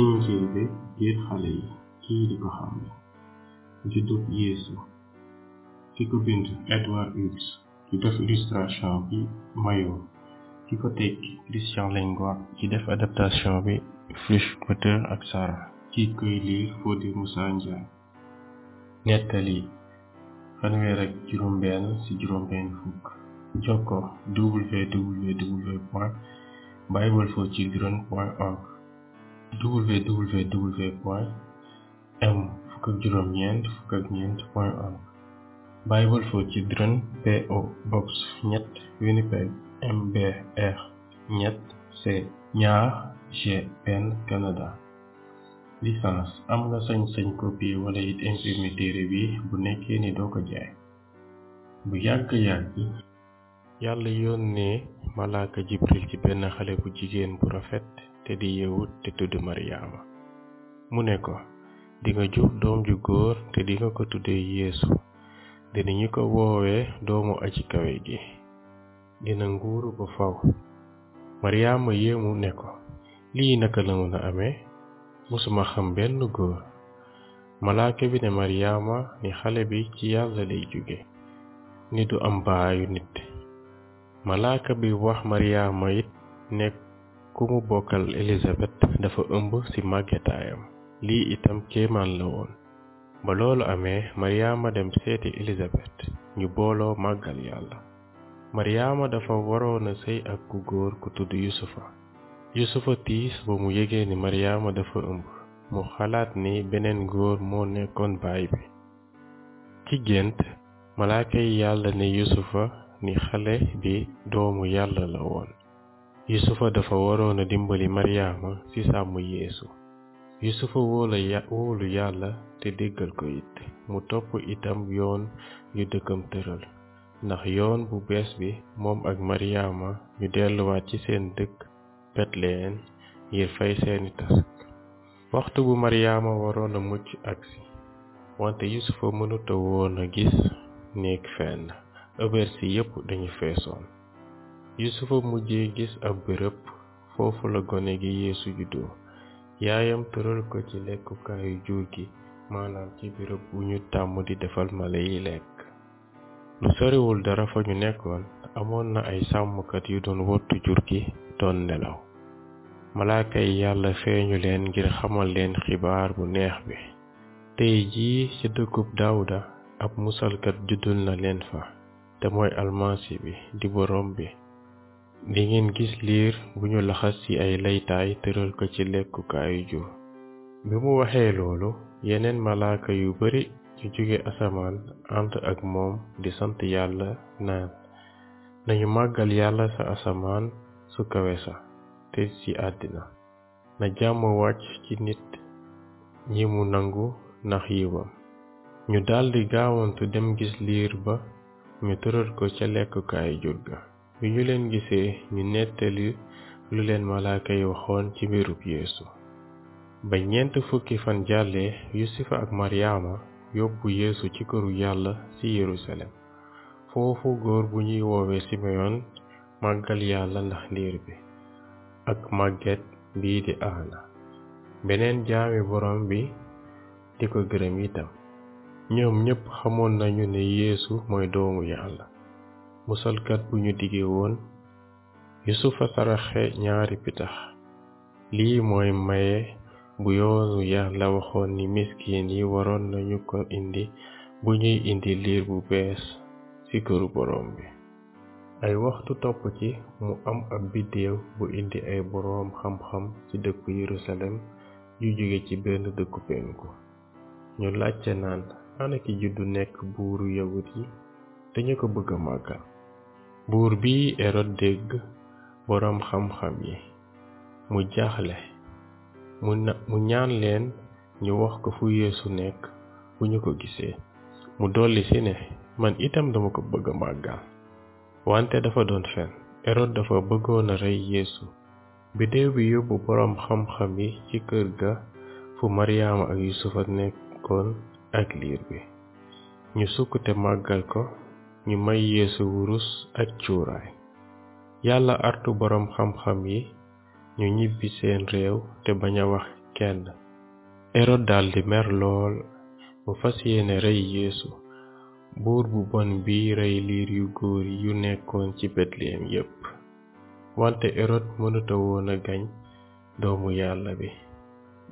injil bi ngir xale yi kii di ko xam ne juddub yeesu ki ko bind edward hughes ki def illustration bi mayo ki ko tekki christian lingua ki def adaptation bi flush potter ak sara ki koy liir fodi musa njaay nettali fanweer ak juróom benn ci juróom benn fukk jokko www point bible for children point org www point m fukk ak juróom ñeent fukk ak Box ñett Winnipeg MBR ñett C ñaar Canada licence am nga sañ-sañ copie wala it téere bi bu nekkee ni doo ko jaay bu yàgg-yàgg yàlla yónnee malaaka jibril ci benn xale bu jigéen bu rafet te di yeewu te tudd Mariama mu ne ko di nga doom ju góor te di nga ko tuddee Yeesu dinañu ko woowee doomu aji kawe gi dina nguuru ba faw Mariama yéemu ne ko lii naka la mën a amee mësuma xam benn góor malaaka bi ne Mariama ni xale bi ci yàlla lay jóge ni du am baayu nit malaaka bi wax Mariama it ne ku mu bokkal Elizabeth dafa ëmb ci màggetaayam lii itam kéemaan la woon ba loolu amee Mariama dem seeti Elizabeth ñu booloo màggal yàlla Mariama dafa waroon a sëy ak ku góor ku tudd Yusufa Yusufa tiis ba mu yëgee ni Mariama dafa ëmb mu xalaat ni beneen góor moo nekkoon baay bi ci gént malaakay yàlla ne Yusufa ni xale bi doomu yàlla la woon yusufa dafa waroon a dimbali maryaama ci sàmm yeesu yusufa wóolu ya wóolu yàlla te déggal ko it mu topp itam yoon yu dëkkam tëral ndax yoon bu bees bi moom ak maryaama ñu delluwaat ci seen dëkk betlehem ngir fay seeni task waxtu bu maryaama waroon a mucc agsi wante yusufa mënuta woon a gis néeg fenn ëbër si yépp dañu feesoon yusufa mujje gis ab bërëb foofu la gone gi yeesu juddoo yaayam tëral ko ci lekkukaayu jur gi maanaam ci bërëb bu ñu tàmm di defal mala yi lekk lu soriwul dara fa ñu nekkoon amoon na ay sàmmkat yu doon wottu jur gi doon nelaw malaaka yi yàlla feeñu leen ngir xamal leen xibaar bu neex bi tey jii ci dëkkub daawuda ab musalkat juddul na leen fa te mooy almasi bi di borom bi li ngeen gis liir bu ñu laxas ci ay laytaay tëral ko ci lekkukaayu jur bi mu waxee loolu yeneen malaaka yu bari yu jóge asamaan ànd ak moom di sant yàlla naan nañu màggal yàlla sa asamaan su kawe sa te ci àddina na jàmm wàcc ci nit ñi mu nangu nax yiwam ñu daldi gaawantu dem gis liir ba ñu tëral ko ca lekkukaayu jur ga bi ñu leen gisee ñu nettali lu leen malaaka yi waxoon ci mbirub yeesu ba ñeent fukki fan jàllee yusufa ak maryaama yóbbu yeesu ci këru yàlla ci yerusalem foofu góor bu ñuy woowee simeyon màggal yàlla ndax liir bi ak màgget bii di aana beneen jaami borom bi di ko gërëm itam ñoom ñépp xamoon nañu ne yéesu mooy doomu yàlla musalkat bu ñu dige woon yusufa saraxe ñaari pitax lii mooy maye bu yoonu la waxoon ni miskin yi waroon nañu ko indi bu ñuy indi liir bu bees ci këru boroom bi ay waxtu topp ci mu am ab biddéew bu indi ay boroom xam-xam ci dëkku yerusalem yu jóge ci benn dëkku penku ñu laajte naan ana juddu nekk buuru yawut yi dañu ko bëgg a màggal buur bi erod dégg boroom xam-xam yi mu jaaxle mu ñaan leen ñu wax ko fu yéesu nekk bu ñu ko gisee mu dolli ci ne man itam dama ko bëgg a màggal wante dafa doon fen erod dafa bëggoon a rey yéesu biddéew bi yóbbu boroom xam-xam yi ci kër ga fu maryaama ak yusufa nekkoon ak liir bi ñu sukk te màggal ko ñu may yéesu wurus ak cuuraay yàlla artu boroom xam-xam yi ñu ñibbi seen réew te bañ a wax kenn erod daldi mer lool mu fas yéene rey yeesu buur bu bon bii rey liir yu góor yu nekkoon ci betlehem yépp wante erod mënuta woon gañ doomu yàlla bi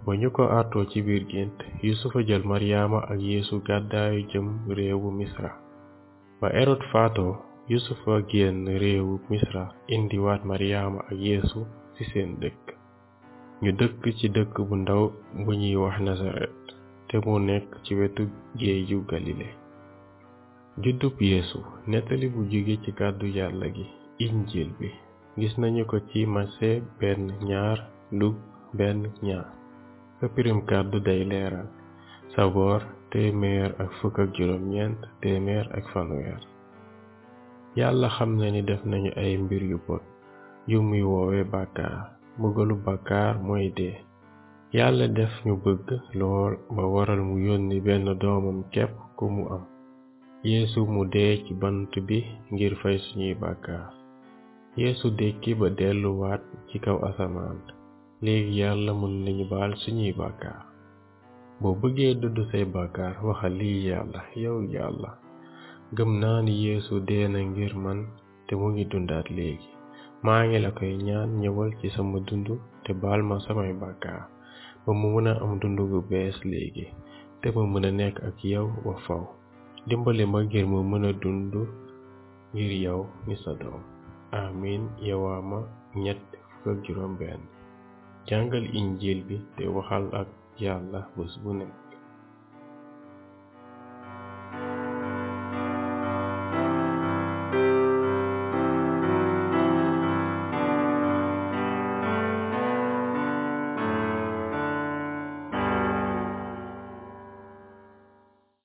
ba ñu ko àttoo ci biir gént yusufa jël maryaama ak yéesu gàddaayu jëm réewu misra ba erod faatoo yusufa génn réewu misra indiwaat waat maryaama ak yeesu ci seen dëkk ñu dëkk ci dëkk bu ndaw bu ñuy wax nasaret te mu nekk ci wetu géeju galile juddub yeesu nettali bu jóge ci kàddu yàlla gi injil bi gis nañu ko ci mase benn ñaar luk sa pirim kàddu day leeral saboor téeméer yàlla xam na ni def nañu ay mbir yu bon yu muy woowe bàkkaar mbugalu bàkkaar mooy dee yàlla def ñu bëgg lool ba waral mu yónni benn doomam képp ku mu am yeesu mu dee ci bant bi ngir fay suñuy bàkkaar yéesu dékki ba delluwaat ci kaw asamaan léegi yàlla mën nañu baal suñuy bàkkaar boo bëggee dudd say bàkkaar waxal lii yàlla yow yàlla gëm naa ni yéesu dee na ngir man te mu ngi dundaat léegi maa ngi la koy ñaan ñëwal ci sama dund te bal ma samay bàkkaar ba mu mën a am dund gu bees léegi te ma mën a nekk ak yow ba faw dimbali ma ngir ma mën a dund ngir yow ni sa doom amin yowaa ñett fukk ak juróom benn jàngal injil bi te waxal ak yàlla bés bu ne